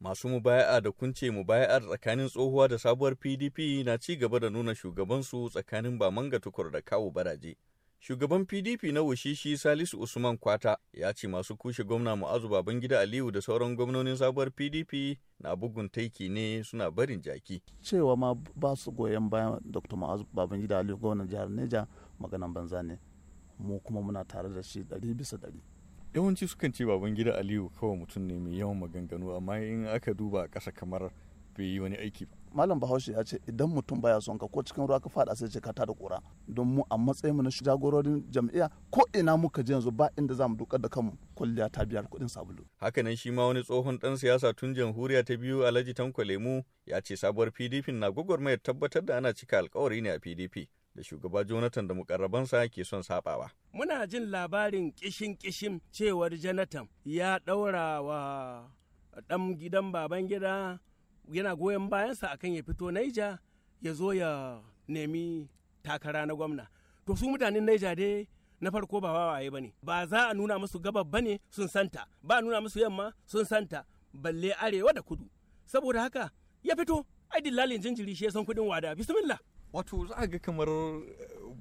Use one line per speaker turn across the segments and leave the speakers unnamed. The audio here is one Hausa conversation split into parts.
Masu mubaya'a da kunce mubaya'ar tsakanin tsohuwa da sabuwar PDP na ci gaba da nuna shugabansu tsakanin ba manga Tukur da kawo Baraje. Shugaban PDP na Wushishi Salisu Usman Kwata ya ce masu kushe gwamna Mu'azu Babangida Aliyu da sauran gwamnonin sabuwar PDP
na bugun taiki ne suna barin jaki. Cewa ma ba su goyon bayan Dr. Mu'azu Babangida Aliyu gwamnan jihar Neja maganan banza ne. Mu kuma muna tare da shi
ɗari bisa ɗari. yawanci sukan ce baban gida aliyu kawai mutum ne mai yawan maganganu amma in
aka duba ƙasa kamar bai yi wani aiki ba malam bahaushe ya ce idan mutum baya son ka ko cikin ruwa ka fada sai ce ka tada kura don mu a matsayin mu na jagororin jam'iyya ko ina muka je yanzu ba inda zamu dukar da kanmu kulliya ta biyar kuɗin sabulu
hakanan shi ma wani tsohon dan siyasa tun jamhuriya ta biyu Alhaji Tanko Lemu ya ce sabuwar PDP na gwagwarmayar tabbatar da ana cika alkawari ne a PDP da shugaba Jonathan da mukarrabansa ke son sabawa.
Muna jin labarin kishin kishin cewar Jonathan ya ɗaura wa ɗan gidan baban gida yana goyon bayansa akan ya fito Naija ya zo ya nemi takara na gwamna. To su mutanen Naija dai na farko ba wawaye ba ne ba za a nuna musu gabar ba ne sun santa ba a nuna musu yamma sun santa balle arewa da kudu saboda haka ya fito ai dillalin jinjiri shi ya san kuɗin wada bismillah
wato za a ga kamar eh,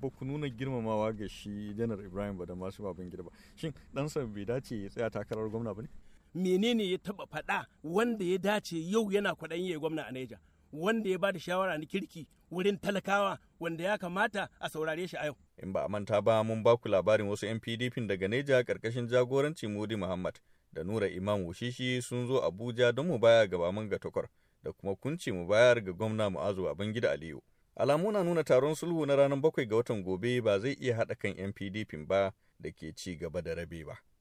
ba ku nuna girmamawa ga shi janar ibrahim ba da masu babin gida ba shin ɗansa bai dace ya tsaya takarar gwamna ba ne
menene ya taba faɗa wanda ya dace yau yana kwaɗayin ya gwamna a naija wanda ya ba da shawara na kirki wurin talakawa wanda ya kamata a saurare shi a yau.
In ba a manta ba mun ba ku labarin wasu 'yan PDP daga Neja karkashin jagoranci Modi Muhammad da Nura Imam Wushishi sun zo Abuja don mu baya ga takwar da kuma kunci mu bayar ga gwamna Mu'azu Babangida Aliyu. Alamu na nuna taron sulhu na ranar bakwai ga watan gobe ba zai iya haɗa kan 'yan PDP ba da ke ci gaba da rabe ba.